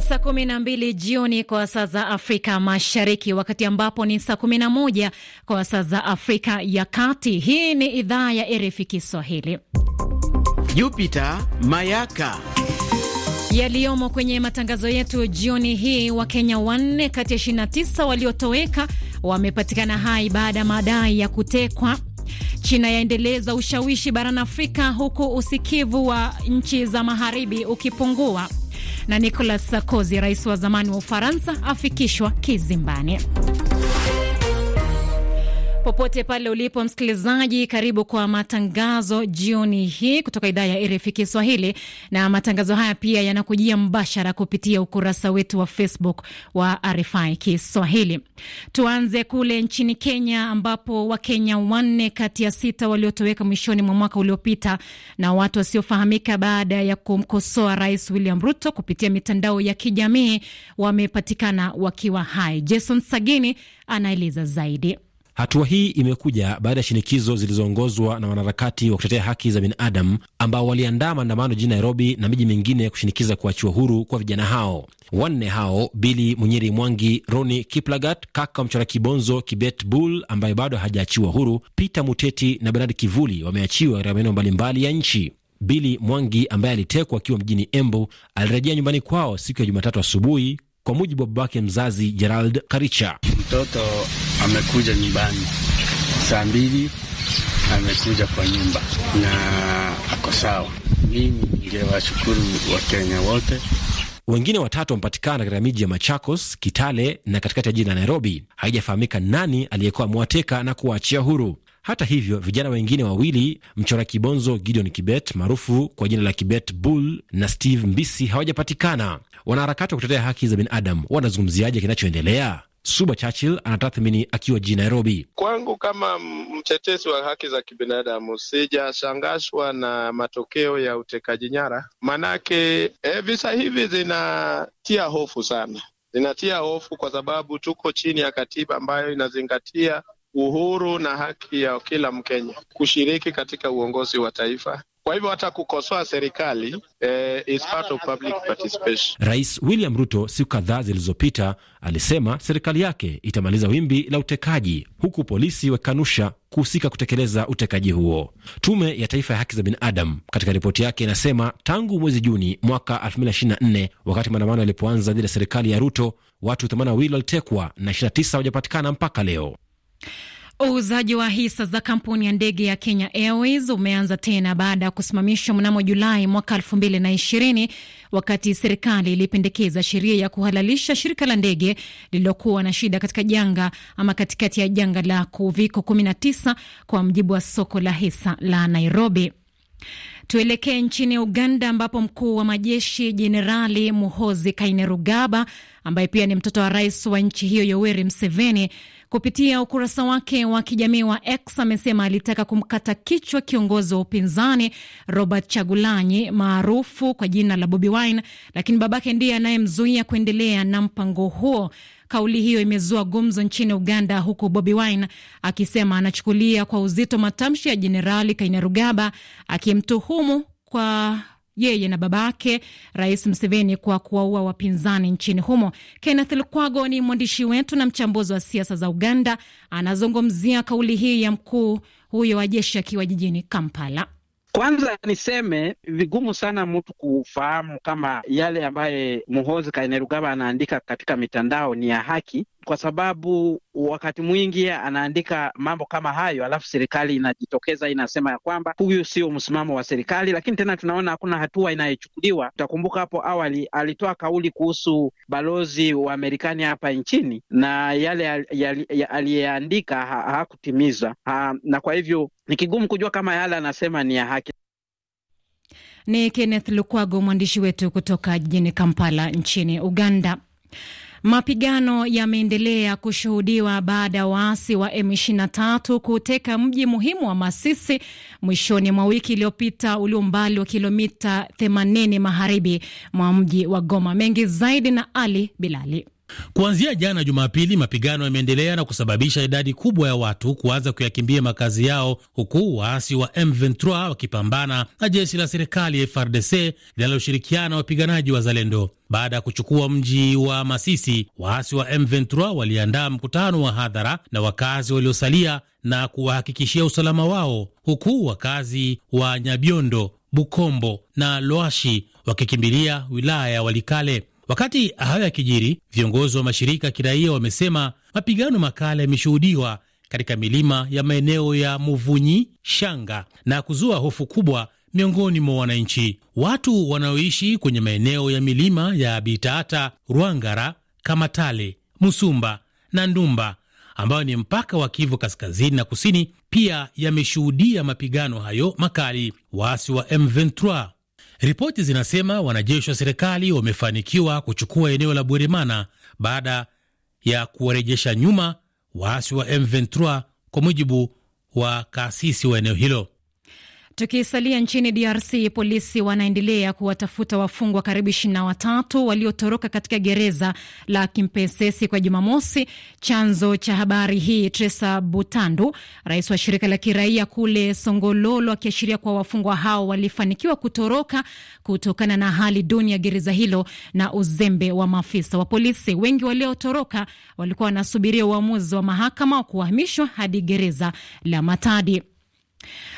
saa kumi na mbili jioni kwa saa za Afrika Mashariki, wakati ambapo ni saa kumi na moja kwa saa za Afrika ya Kati. Hii ni idhaa ya RFI Kiswahili. Jupita Mayaka yaliyomo kwenye matangazo yetu jioni hii. Wakenya wanne kati ya 29 waliotoweka wamepatikana hai baada ya madai ya kutekwa. China yaendeleza ushawishi barani Afrika, huku usikivu wa nchi za magharibi ukipungua na Nicolas Sarkozy, rais wa zamani wa Ufaransa, afikishwa kizimbani. Popote pale ulipo msikilizaji, karibu kwa matangazo jioni hii kutoka idhaa ya RFI Kiswahili, na matangazo haya pia yanakujia mbashara kupitia ukurasa wetu wa Facebook wa RFI Kiswahili. Tuanze kule nchini Kenya, ambapo Wakenya wanne kati ya sita waliotoweka mwishoni mwa mwaka uliopita na watu wasiofahamika baada ya kumkosoa Rais William Ruto kupitia mitandao ya kijamii wamepatikana wakiwa hai. Jason Sagini anaeleza zaidi. Hatua hii imekuja baada ya shinikizo zilizoongozwa na wanaharakati wa kutetea haki za binadamu ambao waliandaa maandamano jijini Nairobi na miji mingine kushinikiza kuachiwa huru kwa vijana hao wanne hao Bili Munyiri Mwangi, Roni Kiplagat, Kaka Mchora Kibonzo, Kibet Bull ambaye bado hajaachiwa huru, Peter Muteti na Bernard Kivuli wameachiwa katika maeneo mbalimbali ya nchi. Bili Mwangi ambaye alitekwa akiwa mjini Embu alirejea nyumbani kwao siku ya Jumatatu asubuhi kwa mujibu wa babake mzazi Gerald Karicha. Mtoto amekuja nyumbani saa mbili, amekuja kwa nyumba na ako sawa. Mimi ningewashukuru Wakenya wote wengine watatu wamepatikana katika miji ya Machakos, Kitale na katikati ya jiji la Nairobi. Haijafahamika nani aliyekuwa amewateka na kuwaachia huru. Hata hivyo vijana wengine wawili mchora kibonzo Gideon Kibet maarufu kwa jina la Kibet Bull na Steve Mbisi hawajapatikana. Wanaharakati wa kutetea haki za binadamu wanazungumziaje kinachoendelea? Suba Churchill anatathmini akiwa jijini Nairobi. Kwangu kama mtetezi wa haki za kibinadamu, sijashangazwa na matokeo ya utekaji nyara, manake e, visa hivi zinatia hofu sana, zinatia hofu kwa sababu tuko chini ya katiba ambayo inazingatia uhuru na haki ya kila Mkenya kushiriki katika uongozi wa taifa. Kwa hivyo hata kukosoa serikali eh, is part of public participation. Rais William Ruto siku kadhaa zilizopita alisema serikali yake itamaliza wimbi la utekaji, huku polisi wakikanusha kuhusika kutekeleza utekaji huo. Tume ya Taifa ya Haki za Binadamu katika ripoti yake inasema tangu mwezi Juni mwaka 2024 wakati maandamano yalipoanza dhidi ya serikali ya Ruto, watu 82 walitekwa na 29 hawajapatikana mpaka leo. Uuzaji wa hisa za kampuni ya ndege ya Kenya Airways umeanza tena baada ya kusimamishwa mnamo Julai mwaka elfu mbili na ishirini wakati serikali ilipendekeza sheria ya kuhalalisha shirika la ndege lililokuwa na shida katika janga ama katikati ya janga la Uviko 19 kwa mjibu wa soko la hisa la Nairobi. Tuelekee nchini Uganda ambapo mkuu wa majeshi Jenerali Muhozi Kainerugaba ambaye pia ni mtoto wa rais wa nchi hiyo Yoweri Museveni Kupitia ukurasa wake wa kijamii wa X amesema alitaka kumkata kichwa kiongozi wa upinzani Robert Chagulanyi maarufu kwa jina la Bobi Wine, lakini babake ndiye anayemzuia kuendelea na mpango huo. Kauli hiyo imezua gumzo nchini Uganda, huku Bobi Wine akisema anachukulia kwa uzito matamshi ya Jenerali Kainerugaba akimtuhumu kwa yeye na baba yake Rais Mseveni kwa kuwaua wapinzani nchini humo. Kenneth Lukwago ni mwandishi wetu na mchambuzi wa siasa za Uganda, anazungumzia kauli hii ya mkuu huyo wa jeshi akiwa jijini Kampala. Kwanza niseme vigumu sana mtu kufahamu kama yale ambaye Muhozi Kainerugaba anaandika katika mitandao ni ya haki, kwa sababu wakati mwingi anaandika mambo kama hayo, alafu serikali inajitokeza inasema ya kwamba huyu sio msimamo wa serikali, lakini tena tunaona hakuna hatua inayochukuliwa. Utakumbuka hapo awali alitoa kauli kuhusu balozi wa Marekani hapa nchini na yale aliyeandika hakutimiza ha, ha, na kwa hivyo ni kigumu kujua kama yale anasema ni ya haki. Ni Kenneth Lukwago, mwandishi wetu kutoka jijini Kampala nchini Uganda. Mapigano yameendelea kushuhudiwa baada ya waasi wa M23 kuteka mji muhimu wa Masisi mwishoni mwa wiki iliyopita ulio mbali wa kilomita 80 magharibi mwa mji wa Goma. Mengi zaidi na Ali Bilali. Kuanzia jana Jumapili, mapigano yameendelea na kusababisha idadi kubwa ya watu kuanza kuyakimbia makazi yao, huku waasi wa M23 wakipambana na jeshi la serikali frdc linaloshirikiana wapiganaji wa Zalendo. Baada ya kuchukua mji wa Masisi, waasi wa M23 waliandaa mkutano wa hadhara na wakazi waliosalia na kuwahakikishia usalama wao, huku wakazi wa Nyabiondo, Bukombo na Loashi wakikimbilia wilaya ya Walikale. Wakati hayo yakijiri, viongozi wa mashirika ya kiraia wamesema mapigano makali yameshuhudiwa katika milima ya maeneo ya Muvunyi, Shanga na kuzua hofu kubwa miongoni mwa wananchi. Watu wanaoishi kwenye maeneo ya milima ya Bitata, Rwangara, Kamatale, Musumba na Ndumba ambayo ni mpaka wa Kivu kaskazini na kusini, pia yameshuhudia mapigano hayo makali. Waasi wa M23 Ripoti zinasema wanajeshi wa serikali wamefanikiwa kuchukua eneo la Bweremana baada ya kuwarejesha nyuma waasi wa M23, kwa mujibu wa kaasisi wa eneo hilo. Tukisalia nchini DRC, polisi wanaendelea kuwatafuta wafungwa karibu ishirini na watatu waliotoroka katika gereza la Kimpese siku ya Jumamosi. Chanzo cha habari hii Tresa Butandu, rais wa shirika la kiraia kule Songololo, akiashiria kuwa wafungwa hao walifanikiwa kutoroka kutokana na hali duni ya gereza hilo na uzembe wa maafisa wa polisi. Wengi waliotoroka walikuwa wanasubiria uamuzi wa mahakama wa kuhamishwa hadi gereza la Matadi.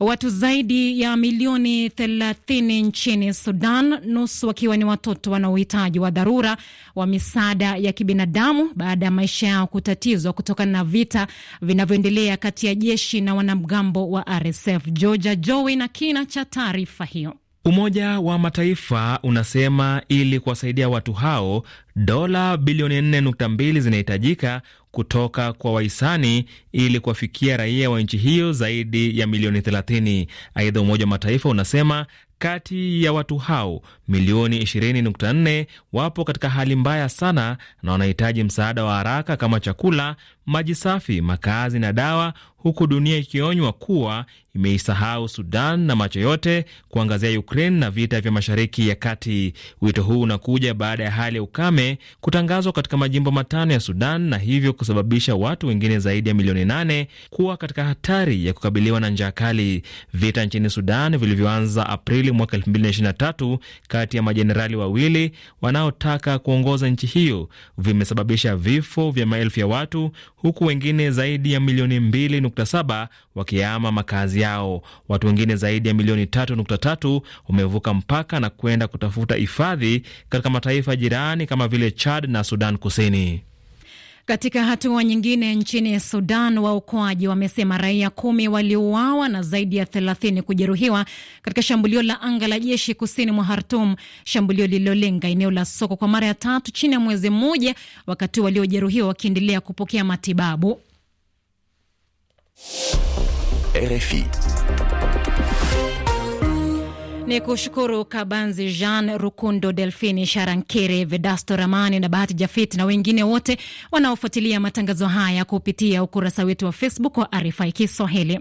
Watu zaidi ya milioni thelathini nchini Sudan, nusu wakiwa ni watoto wanaohitaji wa dharura wa misaada ya kibinadamu baada ya maisha yao kutatizwa kutokana na vita vinavyoendelea kati ya jeshi na wanamgambo wa RSF. Georgia Jowi na kina cha taarifa hiyo. Umoja wa Mataifa unasema ili kuwasaidia watu hao dola bilioni 4.2 zinahitajika kutoka kwa wahisani ili kuwafikia raia wa nchi hiyo zaidi ya milioni 30. Aidha, Umoja wa Mataifa unasema kati ya watu hao milioni 20.4 wapo katika hali mbaya sana na wanahitaji msaada wa haraka kama chakula, maji safi, makazi na dawa, huku dunia ikionywa kuwa imeisahau Sudan na macho yote kuangazia Ukraine na vita vya Mashariki ya Kati. Wito huu unakuja baada ya hali ya ukame kutangazwa katika majimbo matano ya Sudan na hivyo kusababisha watu wengine zaidi ya milioni nane kuwa katika hatari ya kukabiliwa na njaa kali. Vita nchini Sudan vilivyoanza Aprili hiyo mwaka 2023 kati ya majenerali wawili wanaotaka kuongoza nchi hiyo vimesababisha vifo vya maelfu ya watu huku wengine zaidi ya milioni 2.7 wakiama makazi yao. Watu wengine zaidi ya milioni 3.3 wamevuka mpaka na kwenda kutafuta hifadhi katika mataifa jirani kama vile Chad na Sudan Kusini. Katika hatua nyingine nchini Sudan, waokoaji wamesema raia kumi waliuawa na zaidi ya thelathini kujeruhiwa katika shambulio la anga la jeshi kusini mwa Hartum, shambulio lililolenga eneo la soko kwa mara ya tatu chini ya mwezi mmoja, wakati waliojeruhiwa wakiendelea kupokea matibabu. RFI. Ni kushukuru Kabanzi Jean Rukundo, Delfini Sharankere, Vedasto Ramani na Bahati Jafit na wengine wote wanaofuatilia matangazo haya kupitia ukurasa wetu wa Facebook wa RFI Kiswahili.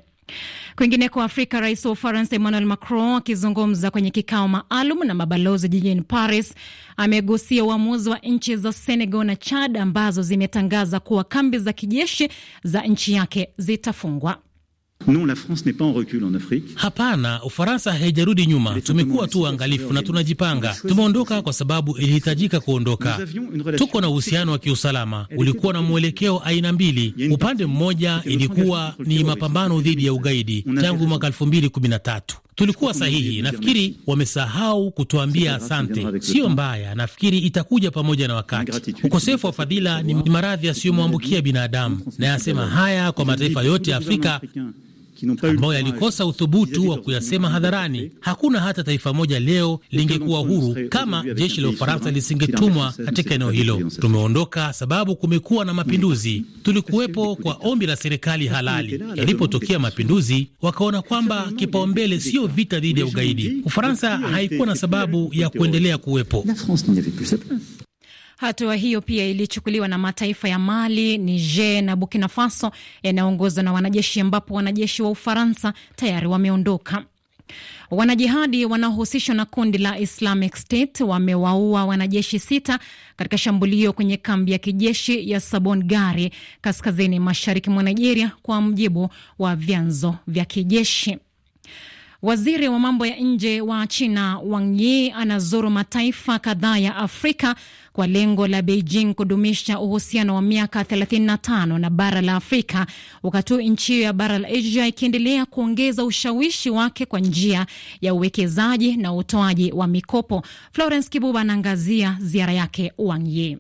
Kwingineko Afrika, rais wa Ufaransa Emmanuel Macron akizungumza kwenye kikao maalum na mabalozi jijini Paris amegusia uamuzi wa nchi za Senegal na Chad ambazo zimetangaza kuwa kambi za kijeshi za nchi yake zitafungwa. Non, la France n'est pas en recul en Afrique. Hapana, Ufaransa haijarudi nyuma. Tumekuwa tu uangalifu na tunajipanga. Tumeondoka kwa sababu ilihitajika kuondoka. Tuko na uhusiano wa kiusalama, ulikuwa na mwelekeo aina mbili. Upande mmoja ilikuwa ni mapambano dhidi ya ugaidi tangu mwaka 2013 tulikuwa sahihi. Nafikiri wamesahau kutuambia asante. Siyo mbaya, nafikiri itakuja pamoja na wakati. Ukosefu wa fadhila ni maradhi yasiyomwambukia binadamu, na yasema haya kwa mataifa yote ya Afrika ambayo yalikosa uthubutu wa kuyasema hadharani. Hakuna hata taifa moja leo lingekuwa huru kama jeshi la Ufaransa lisingetumwa katika eneo hilo. Tumeondoka sababu kumekuwa na mapinduzi. Tulikuwepo kwa ombi la serikali halali. Yalipotokea mapinduzi, wakaona kwamba kipaumbele siyo vita dhidi ya ugaidi. Ufaransa haikuwa na sababu ya kuendelea kuwepo. Hatua hiyo pia ilichukuliwa na mataifa ya Mali, Niger na Burkina Faso yanayoongozwa na wanajeshi, ambapo wanajeshi wa Ufaransa tayari wameondoka. Wanajihadi wanaohusishwa na kundi la Islamic State wamewaua wanajeshi sita katika shambulio kwenye kambi ya kijeshi ya Sabon Gari kaskazini mashariki mwa Nigeria, kwa mujibu wa vyanzo vya kijeshi. Waziri wa mambo ya nje wa China Wang Yi anazuru mataifa kadhaa ya Afrika kwa lengo la Beijing kudumisha uhusiano wa miaka 35 na bara la Afrika, wakati huu nchi hiyo ya bara la Asia ikiendelea kuongeza ushawishi wake kwa njia ya uwekezaji na utoaji wa mikopo. Florence Kibuba anaangazia ziara yake Wang Yi.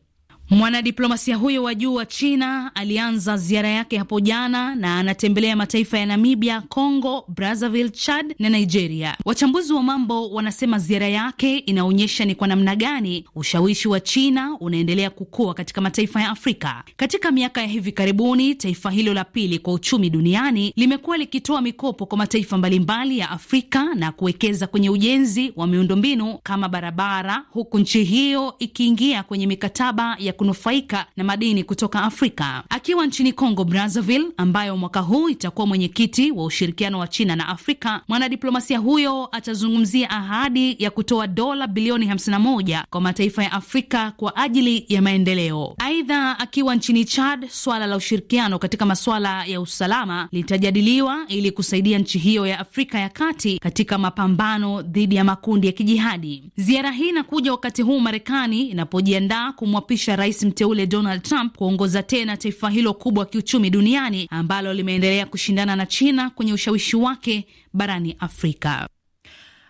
Mwanadiplomasia huyo wa juu wa China alianza ziara yake hapo jana na anatembelea mataifa ya Namibia, Congo Brazzaville, Chad na Nigeria. Wachambuzi wa mambo wanasema ziara yake inaonyesha ni kwa namna gani ushawishi wa China unaendelea kukua katika mataifa ya Afrika. Katika miaka ya hivi karibuni, taifa hilo la pili kwa uchumi duniani limekuwa likitoa mikopo kwa mataifa mbalimbali ya Afrika na kuwekeza kwenye ujenzi wa miundombinu kama barabara, huku nchi hiyo ikiingia kwenye mikataba ya kunufaika na madini kutoka Afrika. Akiwa nchini Congo Brazzaville, ambayo mwaka huu itakuwa mwenyekiti wa ushirikiano wa China na Afrika, mwanadiplomasia huyo atazungumzia ahadi ya kutoa dola bilioni 51 kwa mataifa ya Afrika kwa ajili ya maendeleo. Aidha, akiwa nchini Chad, swala la ushirikiano katika masuala ya usalama litajadiliwa ili kusaidia nchi hiyo ya Afrika ya kati katika mapambano dhidi ya makundi ya kijihadi. Ziara hii inakuja wakati huu Marekani inapojiandaa kumwapisha rais mteule Donald Trump kuongoza tena taifa hilo kubwa kiuchumi duniani ambalo limeendelea kushindana na China kwenye ushawishi wake barani Afrika.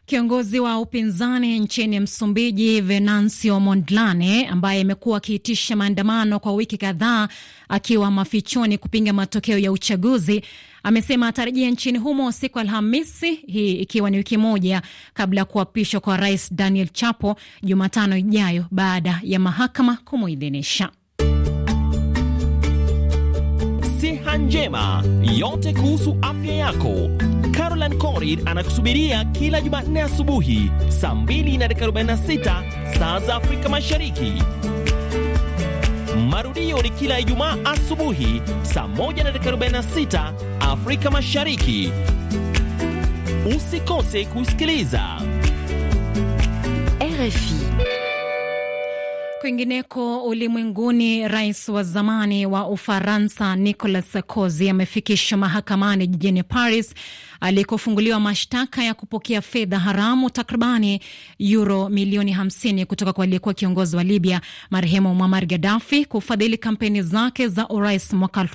Kiongozi wa upinzani nchini Msumbiji, Venancio Mondlane, ambaye amekuwa akiitisha maandamano kwa wiki kadhaa akiwa mafichoni kupinga matokeo ya uchaguzi, amesema atarejea nchini humo siku Alhamisi hii ikiwa ni wiki moja kabla ya kuapishwa kwa Rais Daniel Chapo Jumatano ijayo baada ya mahakama kumuidhinisha. Siha njema yote kuhusu afya yako Caroline Corrid anakusubiria kila Jumanne asubuhi saa 246 na saa za Afrika Mashariki. Marudio ni kila Ijumaa asubuhi saa 146 Afrika Mashariki. Usikose kusikiliza RFI. Kwingineko ulimwenguni, rais wa zamani wa Ufaransa Nicolas Sarkozy amefikishwa mahakamani jijini Paris alikofunguliwa mashtaka ya kupokea fedha haramu takribani yuro milioni 50 kutoka kwa aliyekuwa kiongozi wa Libya marehemu Muammar Gaddafi kufadhili kampeni zake za urais mwaka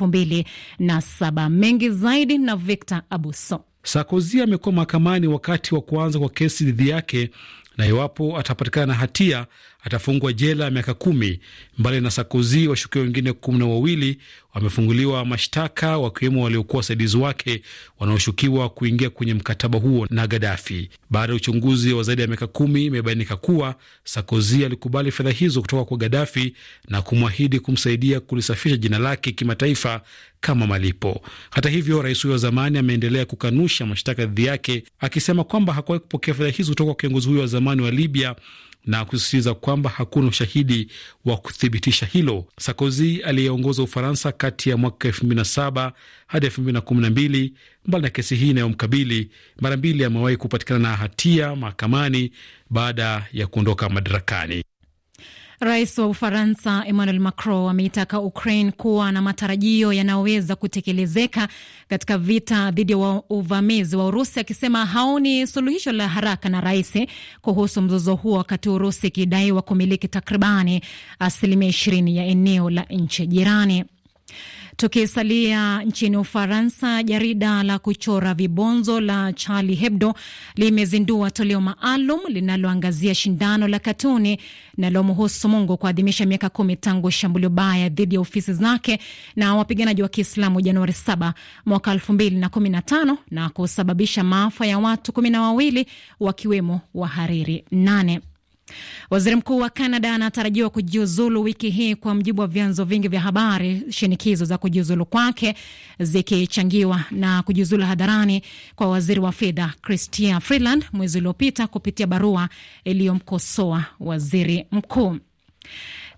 saba. Mengi zaidi na Victor Abuso. Sarkozy amekuwa mahakamani wakati wa kuanza kwa kesi dhidi yake, na iwapo atapatikana na hatia atafungwa jela ya miaka kumi. Mbali na Sarkozy, washukiwa wengine kumi na wawili wamefunguliwa mashtaka wakiwemo waliokuwa wasaidizi wake wanaoshukiwa kuingia kwenye mkataba huo na Gadafi. Baada ya uchunguzi wa zaidi ya miaka kumi, imebainika kuwa Sarkozy alikubali fedha hizo kutoka kwa gadafi na kumwahidi kumsaidia kulisafisha jina lake kimataifa kama malipo. Hata hivyo, rais huyo wa zamani ameendelea kukanusha mashtaka dhidi yake, akisema kwamba hakuwahi kupokea fedha hizo kutoka kwa kiongozi huyo wa zamani wa Libya na kusisitiza kwamba hakuna ushahidi wa kuthibitisha hilo. Sarkozy aliyeongoza Ufaransa kati ya mwaka 2007 hadi 2012, mbali na kesi hii inayomkabili mara mbili, amewahi kupatikana na hatia mahakamani baada ya kuondoka madarakani. Rais wa Ufaransa Emmanuel Macron ameitaka Ukraine kuwa na matarajio yanayoweza kutekelezeka katika vita dhidi ya uvamizi wa Urusi, akisema haoni suluhisho la haraka na rahisi kuhusu mzozo huo, wakati Urusi ikidaiwa kumiliki takribani asilimia ishirini ya eneo la nchi jirani. Tukisalia nchini Ufaransa, jarida la kuchora vibonzo la Charlie Hebdo limezindua toleo maalum linaloangazia shindano la katuni linalomhusu Mungu kuadhimisha miaka kumi tangu shambulio baya dhidi ya ofisi zake na wapiganaji wa Kiislamu Januari 7 mwaka 2015 na kusababisha maafa ya watu kumi na wawili wakiwemo wahariri nane. Waziri mkuu wa canada anatarajiwa kujiuzulu wiki hii kwa mjibu wa vyanzo vingi vya habari, shinikizo za kujiuzulu kwake zikichangiwa na kujiuzulu hadharani kwa waziri wa fedha Chrystia Freeland mwezi uliopita kupitia barua iliyomkosoa waziri mkuu.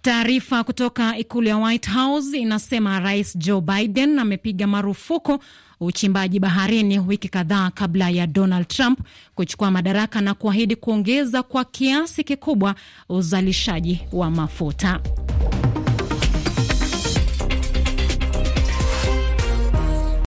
Taarifa kutoka ikulu ya White House inasema Rais Joe Biden amepiga marufuku uchimbaji baharini wiki kadhaa kabla ya Donald Trump kuchukua madaraka na kuahidi kuongeza kwa kiasi kikubwa uzalishaji wa mafuta.